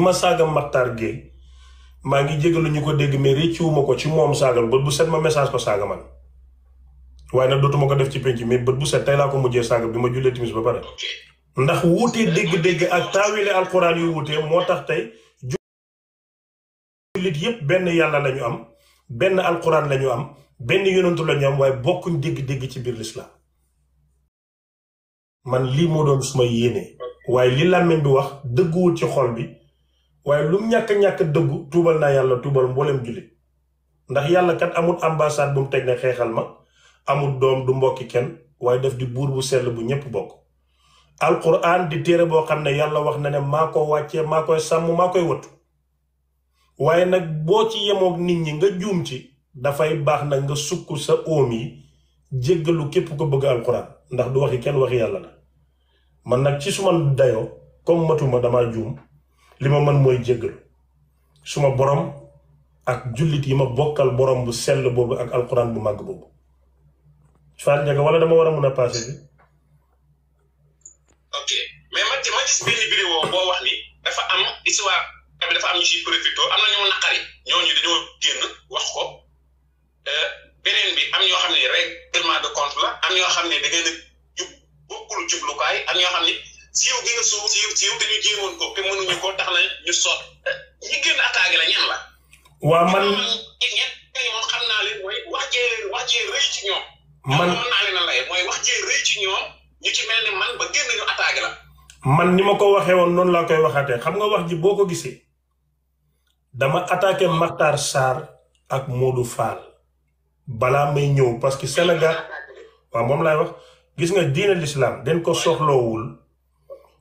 duma saaga Matar Gueye ma ngi jégalu ñuko ko dégg mais réccuwuma ko ci moom saagal bët bu set ma message ko saga man waaye nag dootuma ko def ci penc mais bët bu set tey laa ko mujjee saaga bi ma jullee timis ba pare ndax wuutee dégg-dégg ak taawile alquran yu wuutee moo tax tey jullit yépp benn yàlla lañu am benn alquran lañu am benn yonantu lañu am waaye bokkuñ dégg-dégg ci biir lislaam man lii moo doon suma yéene waaye li làmmiñ bi wax dëgguwul ci xol bi waye lum ñak ñak dëggu tuubal na yalla tuubal mbolem jullit ndax yalla kat amul ambassade bu mu teg ne xexal ma amul dom du mbokki ken waye def di bur bu sel bu ñepp bok alquran di téré bo xamne yalla wax na ne mako wacce mako sam mako wut waye nak bo ci yemok nit ñi nga joom ci fay bax nag nga sukku sa omi jéggalu képp ko bëgg alquran ndax du waxi ken waxi yalla la man nak ci suma dayo comme matuma dama joom li ma mën mooy jéggalu suma borom ak jullit yi ma bokkal borom bu sell boobu ak alquran bu màgg boobu Fatou Ndiaga wala dama war a mun a passé bi ok mais ma ma gis benn vidéo boo wax ni dafa am histoire dafa am ñu siy profité am na ñu mu naqari koy waxate xam nga wax ji boko gisee dama attaquer maktar sar ak Modou Fall bala may ñew parce que Sénégal wa mom lay wax gis nga diine l'islam den ko wul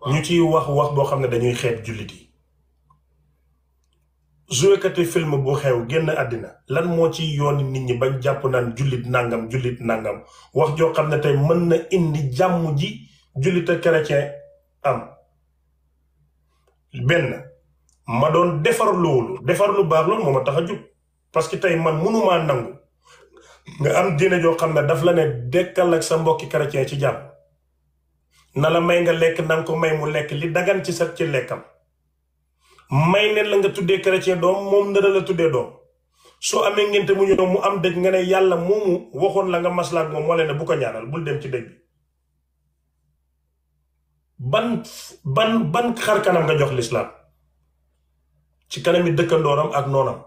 ñu ci wax wax bo xamne dañuy xeb julit yi jouekati film bu xew genn adina lan mo ci yoni nit ñi bañ japp naan julit nangam julit nangam wax jo xamne tay mën na indi jamm ji julit chrétien am benn ma doon defar loolu defar lu baax loolu moo ma tax a jub parce que tey man mënumaa nangu nga am diine joo xam ne daf la ne dekkal ak sa mbokki chrétien ci jàpp na la may nga lekk na ko may mu lekk li dagan ci sa ci lekkam may ne la nga tuddee chrétien doom moom dana la tuddee doom soo amee ngénte mu ñëw mu am dëj nga ne yàlla moomu waxoon la nga maslaak moom moo leen ne bu ko ñaanal bul dem ci dëj ban ban ban xar kanam nga jox l'islam ci kanami dëkkandooram ak noonam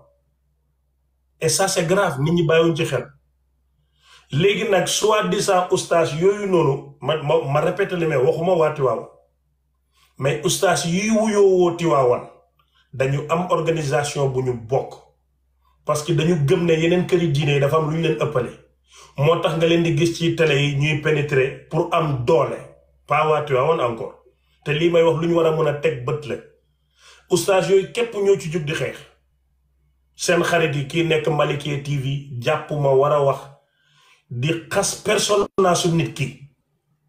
et ça c'est grave nit ñi bàyyiwuñ ci xel léegi nag soi-disant ustaas yooyu noonu ma ma ma répété li waxuma waa Tiwaawan mais ustaas yi wuyoo woo Tiwaawan dañu am organisation bu ñu bokk parce que dañu gëm ne yeneen këri diine yi dafa am lu ñu leen ëppale moo tax nga leen di gis ci télé yi ñuy pénétrer pour am doole pawaa Tiwaawan encore te li may wax luñu wara mëna tek mën la oustaz yoy kep ñoo ci di xex sen xarit yi ki nek malikie TV jàpp ma wax di xass personnage su nit ki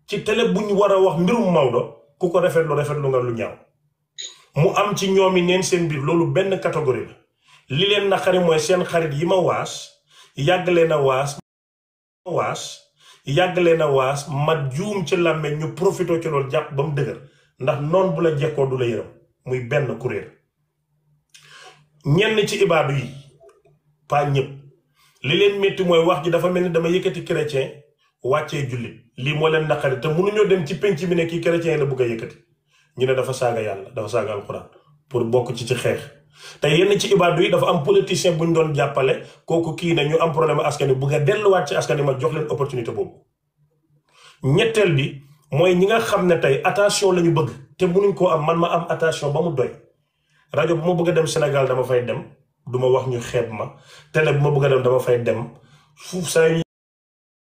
ci télé bu wara wax mbirum mawdo ku ko rafetlu lu nga lu ñaaw mu am ci ñoomi neen sen bir lolu ben catégorie la li leen moy sen xarit yi ma was yag leena was waas yàgg leen a waas mat juum ci làmmeñ ñu profité ci loolu jàpp ba mu dëgër ndax noon bu la jekkoo du la yërëm muy benn kuréel ñenn ci ibaadu yi pas ñëpp li leen métti mooy wax ji dafa mel ni dama yëkkati chrétien wàccee jullit lii moo leen naqari te mënuñoo dem ci penc bi ne kii chrétien la bëgg a yëkkati ñu ne dafa saaga yàlla dafa saaga alxuraan pour bokk ci ci xeex te yenn ci ibaadu yi dafa am politicien bu ñu doon jàppale kooku kii na ñu am problème askan bu bëgg a delluwaat ci askan wi ma jox leen opportunité boobu ñetteel bi mooy ñi nga xam ne tey attention la ñu bëgg te nuñ koo am man ma am attention ba mu doy rajo bu ma bëgg a dem Sénégal dama fay dem du ma wax ñu xeeb ma télé bu ma bëgg dem dama fay dem fuuf saa yi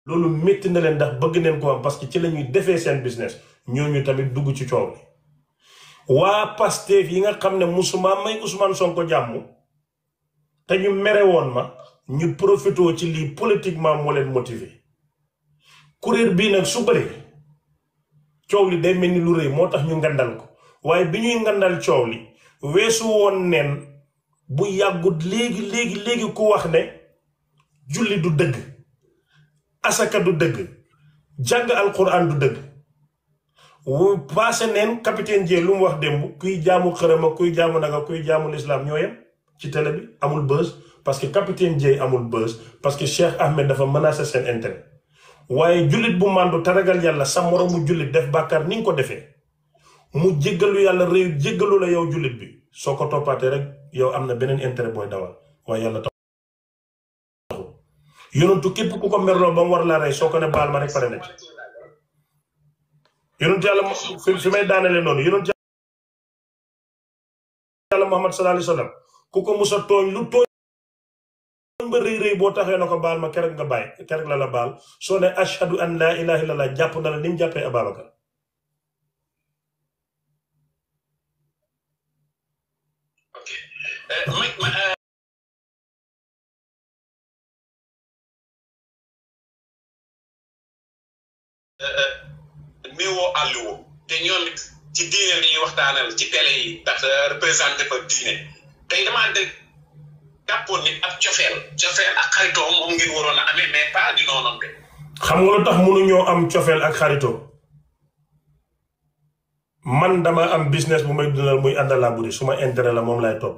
loolu metti na leen ndax bëgg neen ko am parce que ci la ñuy defee seen business ñooñu tamit dugg ci coow waa Pastef yi nga xam ne musuma may Ousmane Sonko jàmm te ñu mere woon ma ñu profitoo ci lii politiquement moo leen motivé kuréel bii nag su bëree coow li day mel ni lu rëy moo tax ñu ngandal ko waaye bi ñuy ngandal coow li weesu woon neen bu yàggut léegi léegi léegi ku wax ne julli du dëgg asaka du dëgg jàng alxuraan du dëgg wu passé neen capitaine Dieng lu mu wax démb kuy jaamu xërëm kuy jaamu naka kuy jaamu lislaam ñoo ci télé bi amul buzz parce que capitaine Dieng amul buzz parce que Cheikh Ahmed dafa menacé seen intérêt waaye jullit bu màndu taragal yàlla sa moromu jullit def bàkkaar ni nga ko defee mu jéggalu yàlla réew jéggalu la yow jullit bi soo ko toppaatee rek yow am na beneen intérêt booy dawal waaye yàlla taxul war laa ne baal ma na yonent yàlla fi fi may daanale noonu yonent ku ko musa tooñ lu tooñ ba rëy rëy boo taxee na ko baal ma keroog nga bàyyi keroog la la baal soo ne ashhadu an laa ilaaha jàpp na la ni jàppee Ababacar ok euh, euh, euh, néewoo àll woo te ñoom it ci diine li ñuy waxtaanal ci télé yi ndax euh, représenté fa diine tey damaa dégg jàppoon ni ab cofeel cofeel ak xaritoo moom ngeen waroon a amee mais pas di noonu de xam nga lu tax am cofeel ak xaritoo man dama am business bu may dundal muy àndalaaburi suma intérêt la moom lay topp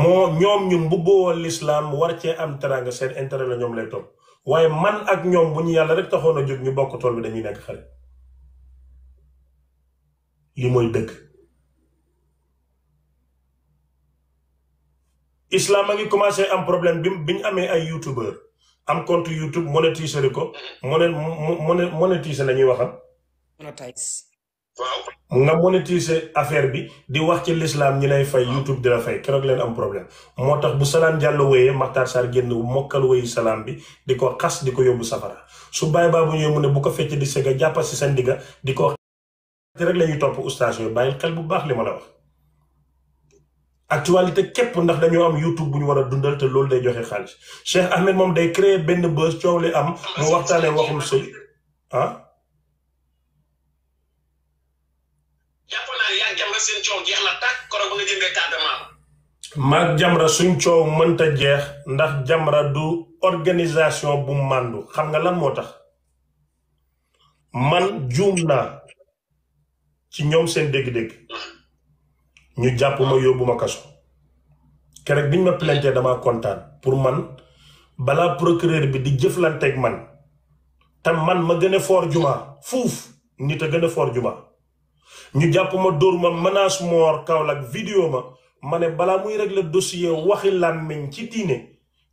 moo ñoom ñun bu boowoo war cee am teranga seen intérêt la ñoom lay topp waaye man ak ñoom bu ñu yàlla rek taxoon a jóg ñu bokk tool bi dañuy nekk xarit li mooy dëgg islam a ngi commencé am problème bi bi ñu amee ay youtubeur am compte youtube monétiser ko mm-hmm. moné moné la ñuy waxam nga monétiser affaire bi di wax ci lislaam ñi lay fay youtube di la fay keroog leen am problème moo tax bu Salam jàll wéyee Makhtar Sarr génn mokkal wéyu Salam bi di ko xas di ko yóbbu safara su bàyyi baa bu ñëwee mu ne bu ko fecc di sëgga jàppa si sa ndigga di ko rek la topp ustaas yooyu bàyyil xel bu baax li ma la wax actualité képp ndax dañoo am YouTube bu ñu war a dundal te loolu day joxe xaalis Cheikh Ahmed moom day créer benn bës coow li am mu waxtaanee waxum sëy ah. jàpp naa coow jeex na maag Jamra suñ coow mënta jeex ndax Jamra du organisation bu màndu xam nga lan moo tax man juum na ci ñom seen dégg-dégg ñu japp ma yóbbu ma kaso keroog biñ ma plainte dama contane pour man bala procureur bi di ak man te man ma gëna for juma fouf ni a gëna for juma ñu japp ma dóor ma menace mort Kaolack vidéo ma mané bala muy régler dossier waxi làmmiñ ci diine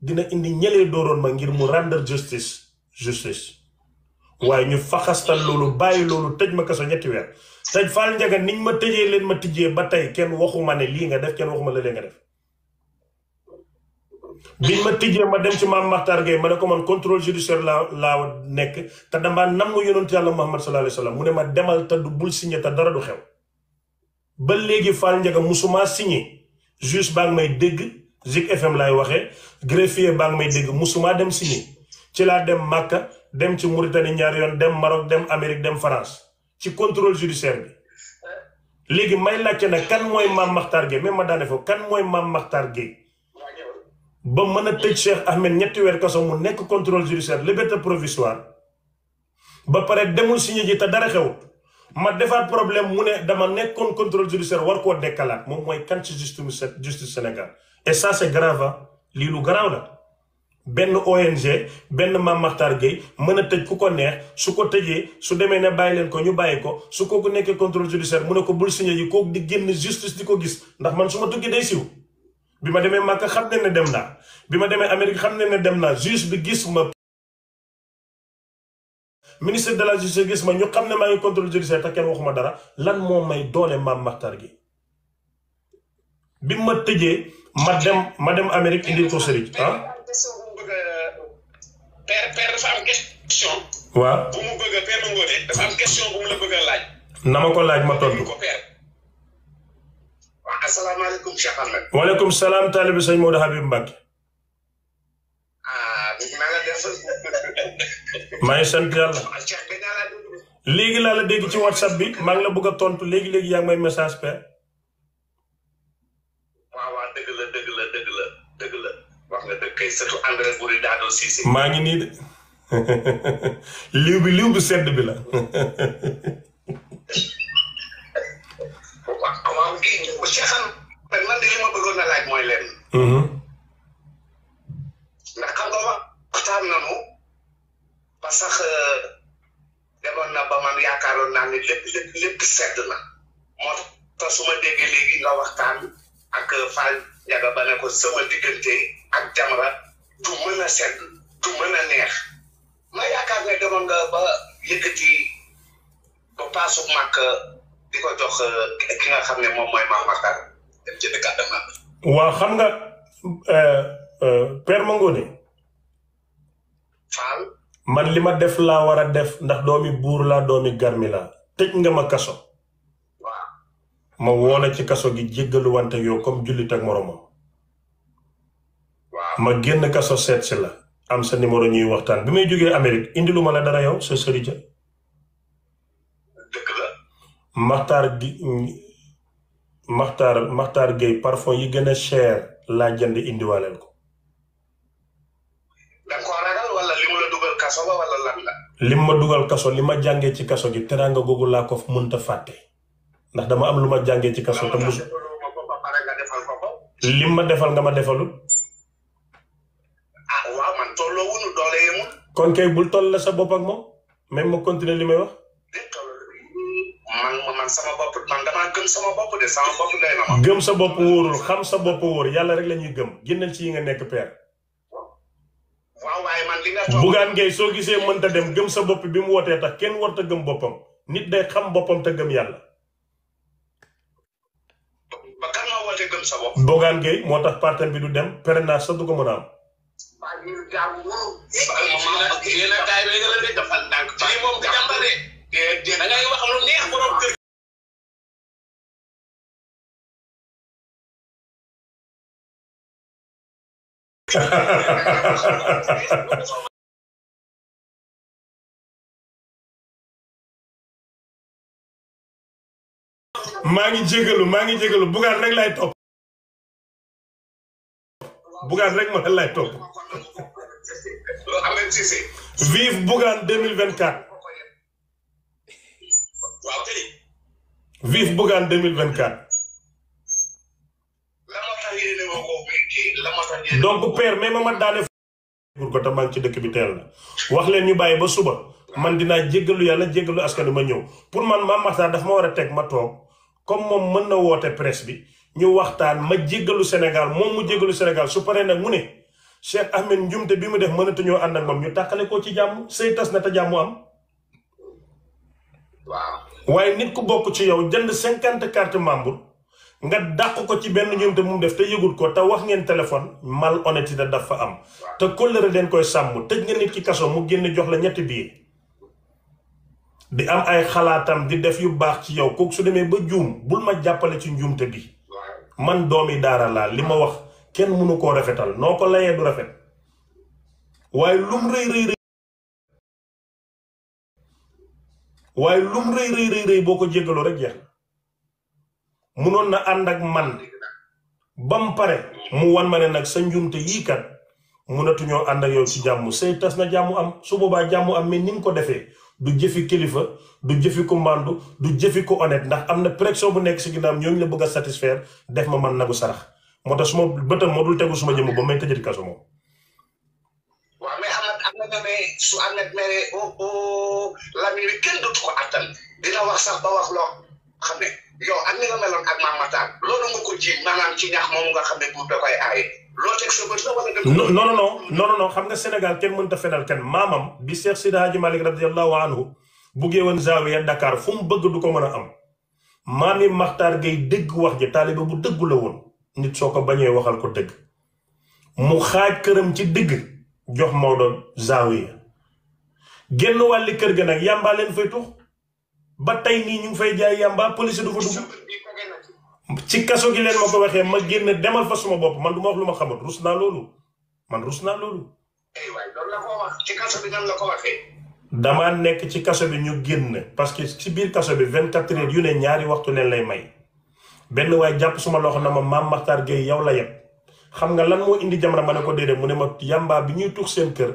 dina indi ñëlé doron ma ngir mu render justice justice waye ñu faxastal lolu lolo lolu tejj ma kasso ñetti sëñ Fall Ndiaga niñ ma tëjee leen ma tijjee ba tey kenn waxuma ne lii nga def kenn waxuma la lee nga def biñ ma tijjee ma dem ci maam Makhtar Gueye ma ne ko man contrôle judiciaire laa laa nekk te damaa nam mu yonent yàlla Muhammad sallallahu alayhi wa sallam mu ne ma demal te du bul signé te dara du xew ba léegi Fall Ndiaga musuma signé juge baa ngi may dégg Zik FM laay waxee greffier baa ngi may dégg musuma dem signé ci laa dem Màkka dem ci Mauritanie ñaar yoon dem Maroc dem Amérique dem France ci contrôle judiciaire bi léegi may laajte na kan moy maam Makhtar Gueye même ma dané fo kan moy maam Makhtar Gueye ba mën tej Cheikh Ahmed ñetti weer kaso mu nekk contrôle judiciaire liberté provisoire ba paré demul signé ji te dara xew ma defaat problème mu né dama nekkon contrôle judiciaire war ko dekkalaat mom moy kan ci justice Sénégal et ça c'est grave hein. li lu garaaw la benn ONG benn maam Makhtar Gueye mën a tëj ku ko neex su ko tëjee su demee ne bàyyi leen ko ñu bàyyi ko su ko kooku nekkee contrôle judiciaire mu ne ko bul signé yi kooku di génn justice di ko gis ndax man su ma tukki day siw bi ma demee Màkka xam ne ne dem naa bi ma demee Amérique xam ne ne dem naa juge bi gis ma de la justice gis ma ñu xam ne maa ngi contrôle judiciaire te kenn waxuma dara lan moo may doole Mame Makhtar Gueye bi ma tëjee ma ma dem Amérique indil ko ah? père père dafa am question. waaw bu mu bëgg a père Mangone dafa am question bu mu la bëgg laaj. na ma ko laaj ma tontu ko père. waaw asalaamaaleykum Cheikh Ahmed. waaleykum salaam taalibi sëñ Modou ah, léegi laa la dégg ci whatsapp bi maa ngi la bëgg a tontu léegi léegi yaa ngi may message père. kay sëtu André Boury Dado Cissé. maa ngi nii de liw bi liw bu sedd bi la. waaw waaw kii Cheikh Anta man de li ma bëggoon a laaj mooy lenn. Mhm. ndax xam nga waxtaan nañu ba sax euh, demoon na ba man yaakaaroon naa ne lépp lépp sedd na moo tax su ma déggee nga waxtaan ak euh, Fall Ndiaga ba ne ko sama diggante. ak jamra du mën a sedd du mën a neex ma yaakaar ne demoon nga ba yëkkati ba paasu màkk di ko jox ki nga xam ne moom mooy maam Maxtar dem ci kàdda màkk. waaw xam nga Père Mangone. Faal. man li ma def laa war a def ndax doomi buur laa doomi garmi laa tëj nga ma kaso. ma woona ci kaso gi jéggalu wante yow comme jullit ak moromam ma génn kaso seet si la am sa numéro ñuy waxtaan bi may jógee Amérique indi lu ma la dara yow sa sëri ja la maxtaar gi maxtaar maxtaar gay parfum yi gën a cher laa jënd indiwaaleel ko da ko ragal wala la kaso ba wala lan la. lim ma dugal kaso li ma jàngee ci kaso gi teraanga googu laa ko mënta fàtte ndax dama am lu ma jàngee ci kaso te mus lim ma defal nga ma defalut kon kay bul toll sa bopp ak moom même ma continuer li wax man man sama bopp man dama gëm sama bopp de sama bopp day na gëm sa bopp wóorul xam sa bopp wóor yàlla rek la ñuy gëm génnal ci yi nga nekk père waaw waaye man li nga toog bugaan ngay soo gisee mënta dem gëm sa bopp bi mu wootee tax kenn warta gëm boppam nit day xam boppam te gëm yàlla ba kan ma wootee gëm sa bopp bugaan ngay moo tax parten bi du dem pere naa sa du ko mën mangi Gawour. mangi a kaay lu rek lay top Bougan rek mo lay top vive Bugan 2024 vive Bougane 2024 donc père même ma dalé pour ko tamal ci dëkk bi teel na wax leen ñu bayé ba suba man dina jéggalu yalla jéggalu askan ma ñëw pour man ma Makhtar daf ma wara a ma tok comme mom mëna woté presse bi ñu waxtaan ma jéggalu Sénégal moom mu jéggalu Sénégal su paree nag mu ne Cheikh Ahmed njumte bi mu def mënatuñoo ànd ak moom ñu tàqale ko ci jàmm sëy tas na te jàmmu am. waaw waaye nit ku bokk ci yow jënd cinquante carte membre nga dàq ko ci benn njumte mu def te yëgul ko te wax ngeen téléphone mal honnêteté dafa am. te kóllëre leen koy sàmm tëj nga nit ki kaso mu génn jox la ñetti biir. di am ay xalaatam di def yu baax ci yow kooku su demee ba juum bul ma jàppale ci njuumte bi man doomi daara laa li ma wax kenn mënu koo rafetal noo ko layee du rafet waaye lum rëy rëy rëy boo ko jéggaloo rek jeex na munoon na ànd man bam pare mu wan ma ne nag sa njuumte yii kat mënatuñoo ànd ak yow ci jàmm sëy tas na jàmmu am su boobaa jàmmu am mais ni ko defee du jëfi kilifa du jëfi ku màndu du jëfi ku honnête ndax am na pression bu nekk si ginnaaw ñooñu la bëgg a def ma man nagu sarax moo tax suma bëtam moo dul tegu suma jëmm ba may tëjati kaso moom. waaw mais am na demee su Amath meree oh xam ne yow loolu nga ko ji maanaam ci ñax moom nga xam ne bu da koy aaye. loo teg sa bët la xam nga Sénégal kenn mënut a fenal kenn maamam bi Cheikh Sida Hadji Malick radiyallahu anhu buggee woon Zawiya Dakar fu mu bëgg du ko mën a am maami Makhtar Gueye dégg wax ji taalibe bu dëggu woon nit soo ko bañee waxal ko dëgg mu xaaj këram ci dëgg jox Maodo Zawiya génn wàlli kër ga nag yàmbaa leen fay tux ba tey nii ñu ngi fay jaay yàmbaa police du fa dugg. ci kasso gi len mako waxe ma genn demal fa suma bop man duma wax luma ma xamut rus naa loolu man rus naa loolu. ay way loolu la ko wax ci kasso bi nan la ko waxe dama nek ci kasso bi ñu genn parce que ci biir kasso bi 24 heures yu ne ñaari waxtu len lay may ben way japp suma loxo na ma mam Makhtar gey yow la yeb xam nga lan mo indi Jamra mané ko dédé mu ne ma yamba bi ñuy tuk seen kër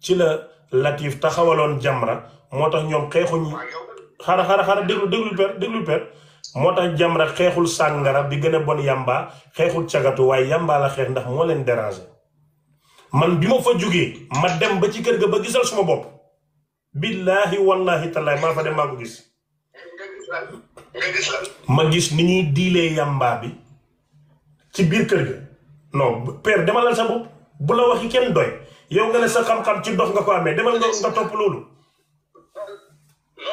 ci la Latif taxawalon Jamra motax ñom xexu xeexuñu xara xara xara deglu deglu per deglu per mota jamra xeexul sangara bi gëna bon yamba xeexul cagatu way yamba la xeex ndax mo leen déranger man bima fa jógee ma dem ba ci kër ga ba gisal suma bop billahi wallahi tallahi ma fa dem ma ko gis ma gis ni ñi dilé yamba bi ci biir kër ga non père demalal sa bop bu la waxi kenn doy yow nga ne sa xam-xam ci dox nga ko amé demal nga nga top lolu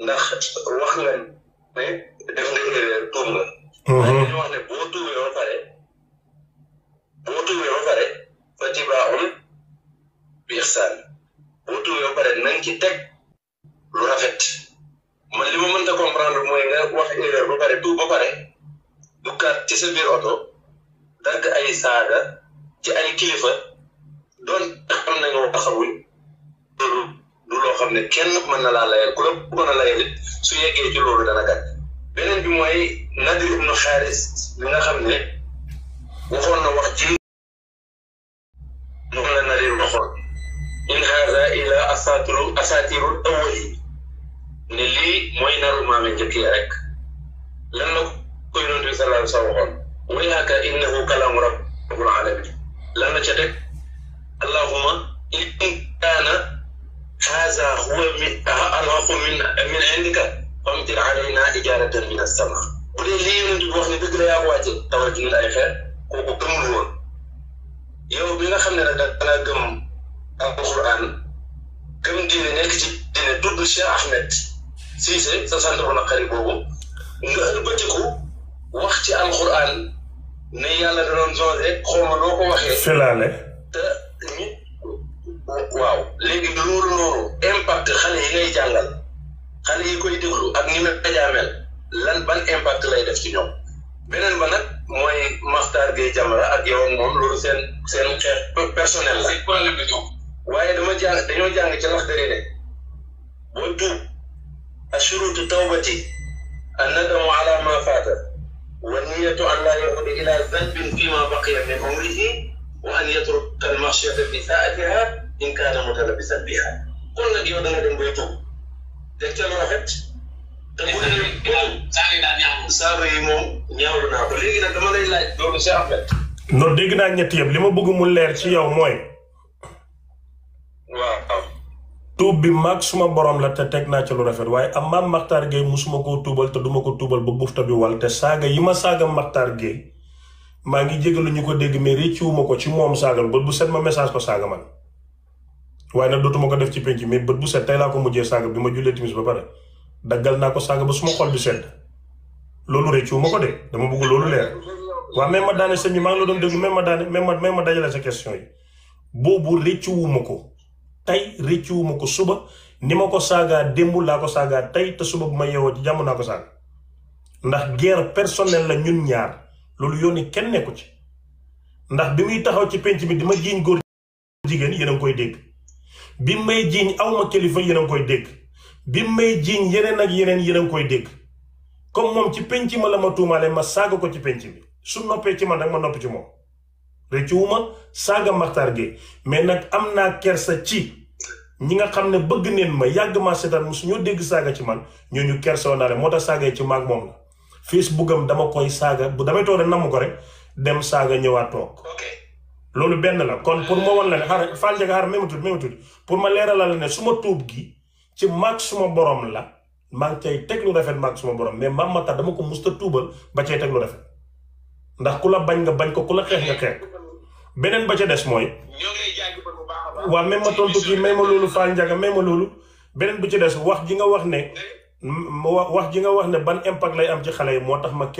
ndax wax nga ne def nga erreur tuub nga. waaye dañoo wax ne boo tuubee ba pare boo tuubee ba pare fa tibaaxul bi ixsaan boo tuubee ba pare nañ ci teg lu rafet man li ma mënta comprendre mooy nga wax erreur ba pare tuub ba pare duggaat ci sa biir oto dagg ay saaga ci ay kilifa doon xam nañu waxawuñ loolu. Mhm. du loo xam ne kenn mën na laa layal ku la bëggoon a layal it su yeggee ci loolu dana gàtt beneen bi mooy nadir ibnu xaaris li nga xam ne waxoon na wax ji moom la nadir waxoon in haada ila asaatiru asaatirul awali ne lii mooy naru maame njëkk yi rek lan la ko yonente bi sallallahu alayhi wa sallam waxoon wayaka innahu kalaamu rabbul alamin lan la ca teg allahuma in kaana هذا هو من الرق من من عندك ومثل علينا إجارة من السماء ولي لي وخني بقل يا أخواتي تورج من الآخر وكم الهون يو بينا خمنا لدينا قم القرآن قم دين نكتي دين دود الشيء أحمد سيسي سنسان قريبه نقل بجيكو وقت القرآن نيالا دون زوزي خوما لوكو وخي فلاني واو léegi loolu noonu impact xale yi ngay jàngal xale yi koy déglu ak ni média mel lan ban impact lay def ci ñoom beneen ba nag mooy Makhtar Gueye Jamra ak yow ak moom loolu seen seen xeex personnel la. problème bi ñoom. waaye dama jàng dañoo jàng ci Laxdari ne boo tuub ashurutu tawbati ala ma faata wa niyatu an laa ila zanbin fi ma baqiya min umrihi wa an yatruka almaxshiyata bi saatiha in kaana mutalabbisan biha kon nag yow da nga dem bay tuub teg ca lu rafet te bu dee saar yi daal ñaawlu saar yi moom ñaawlu naa ko léegi nag dama lay laaj loolu si rafet non dégg naa ñett yëpp li bëgg mu leer ci yow mooy waaw tuub bi mag suma borom la te teg naa ci lu rafet waaye am maam Maxtaar Géey musuma koo tuubal te duma ko tuubal ba bufta bi wal te saaga yi ma saaga Maxtaar Géey maa ngi jégalu ñu ko dégg mais réccuwuma ko ci moom saagal bu set ma message ko saaga man waaye nag dootuma ko def ci penc mais bët bu set tey laa ko mujjee saaga bi ma jullee timis ba pare daggal naa ko saaga ba suma xol bi sedd loolu rëccu ma ko de dama bëgg loolu leer waaw même ma daane sëñ bi maa ngi la doon déglu même ma daane même ma même ma dajale sa question yi boobu rëccuwuma ko tey rëccuwuma ko suba ni ma ko saagaa démb laa ko saagaa tey te suba bu ma yeewoo ci jàmm naa ko saaga ndax guerre personnelle la ñun ñaar loolu yooni kenn nekku ci ndax bi muy taxaw ci penc bi di ma góor jigéen yéen a koy dégg bi may jiiñ awma kilifa yéen a ngi koy dégg bi may jiiñ yeneen ak yeneen yéen a koy dégg comme moom ci penc ma la ma tuumaale ma saaga ko ci penc bi su noppee ci man nag ma noppi ci moom rëccu ma saaga Makhtar Gueye mais nag am naa kersa ci ñi nga xam ne bëgg neen ma yàgg maa seetaan mu su dégg saaga ci man ñooñu kersa naa leen moo tax saaga ci maag moom la Facebook am dama koy saaga bu damay toog rek namm ko rek dem saaga ñëwaat toog. lolu benn la kon pour mo won la har fal jega Ndiaga memutul même tuuti même pour ma leeralal la ne suma tuub gi ci mag suma borom la maa ngi cay teg lu rafet mag suma borom mais Mame Makhtar dama ko musta tuubal ba tay tek lu rafet ndax kula bañ nga bañ ko kula xex nga xex benen ba ca dess moy wa même ma tontu gi ma ma bu ci dess wax gi nga wax ne. Eh? wax gi nga wax ne ban impact lay am ci xalé motax